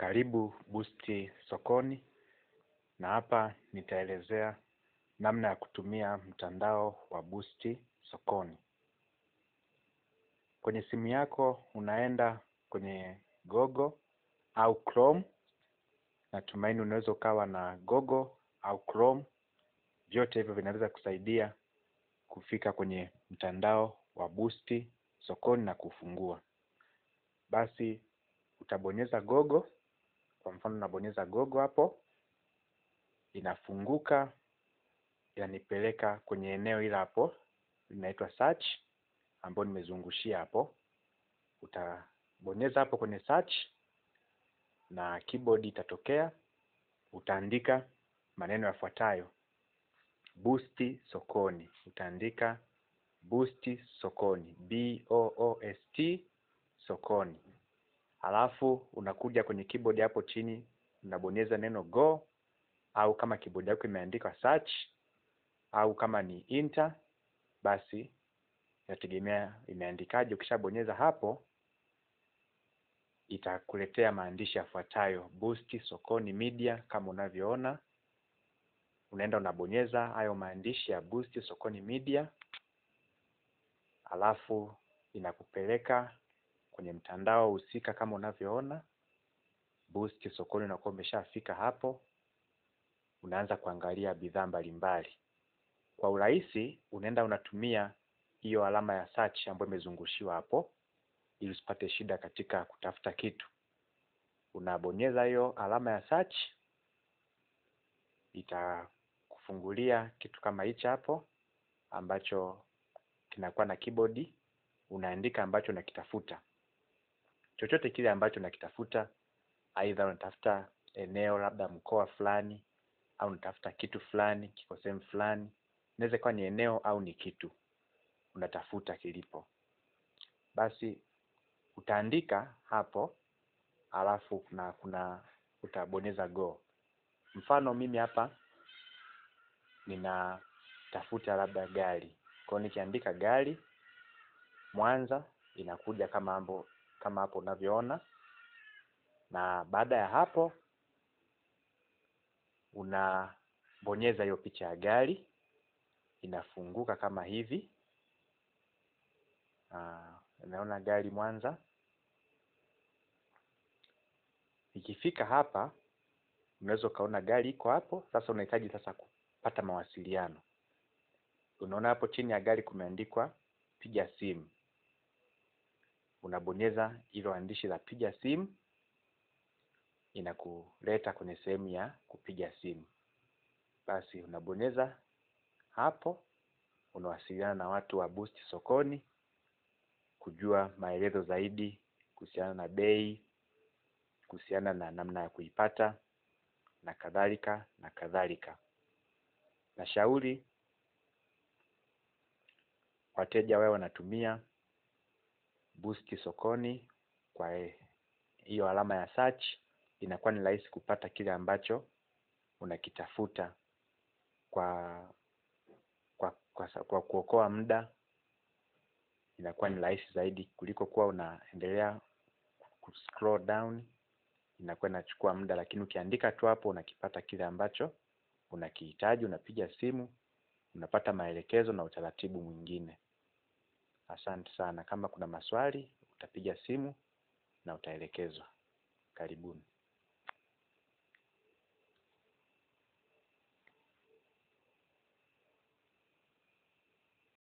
Karibu Busti Sokoni, na hapa nitaelezea namna ya kutumia mtandao wa Busti Sokoni. Kwenye simu yako unaenda kwenye Google au Chrome. Natumaini unaweza ukawa na Google au Chrome, vyote hivyo vinaweza kusaidia kufika kwenye mtandao wa Busti Sokoni na kufungua. Basi utabonyeza Google kwa mfano nabonyeza gogo hapo, inafunguka yanipeleka kwenye eneo hilo hapo linaitwa search ambayo nimezungushia hapo. Utabonyeza hapo kwenye search na keyboard itatokea, utaandika maneno yafuatayo boosti sokoni, utaandika boosti sokoni, B O O S T sokoni. Halafu unakuja kwenye keyboard hapo chini unabonyeza neno go au kama keyboard yako imeandikwa search au kama ni enter basi inategemea imeandikaje. Ukishabonyeza hapo itakuletea maandishi yafuatayo Boost Sokoni Media, kama unavyoona, unaenda unabonyeza hayo maandishi ya Boost Sokoni Media, alafu inakupeleka kwenye mtandao husika kama unavyoona boost sokoni unakuwa umeshafika hapo unaanza kuangalia bidhaa mbalimbali kwa urahisi unaenda unatumia hiyo alama ya search ambayo imezungushiwa hapo ili usipate shida katika kutafuta kitu unabonyeza hiyo alama ya search itakufungulia kitu kama hicho hapo ambacho kinakuwa na keyboard unaandika ambacho unakitafuta chochote kile ambacho nakitafuta, aidha unatafuta eneo labda mkoa fulani au unatafuta kitu fulani kiko sehemu fulani, inaweza kuwa ni eneo au ni kitu unatafuta kilipo, basi utaandika hapo, alafu kuna kuna utabonyeza go. Mfano mimi hapa ninatafuta labda gari, kwa hiyo nikiandika gari Mwanza inakuja kama ambo kama hapo unavyoona, na baada ya hapo unabonyeza hiyo picha ya gari, inafunguka kama hivi. Aa, ah, unaona gari Mwanza. Ikifika hapa unaweza ukaona gari iko hapo. Sasa unahitaji sasa kupata mawasiliano. Unaona hapo chini ya gari kumeandikwa piga simu unabonyeza hilo andishi la piga simu, inakuleta kwenye sehemu ya kupiga simu. Basi unabonyeza hapo, unawasiliana na watu wa Boost sokoni kujua maelezo zaidi kuhusiana na bei, kuhusiana na namna ya kuipata na kadhalika na kadhalika. Nashauri wateja wawe wanatumia boost sokoni kwa hiyo alama ya search, inakuwa ni rahisi kupata kile ambacho unakitafuta kwa kwa kwa, kwa kuokoa muda inakuwa ni rahisi zaidi kuliko kuwa unaendelea kuscroll down, inakuwa inachukua muda, lakini ukiandika tu hapo unakipata kile ambacho unakihitaji, unapiga simu, unapata maelekezo na utaratibu mwingine. Asante sana. Kama kuna maswali utapiga simu na utaelekezwa. Karibuni.